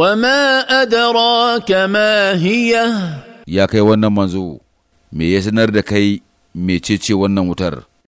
Wa ma adara ka ma Ya kai wannan manzo, me ya sanar da kai mece ce wannan wutar?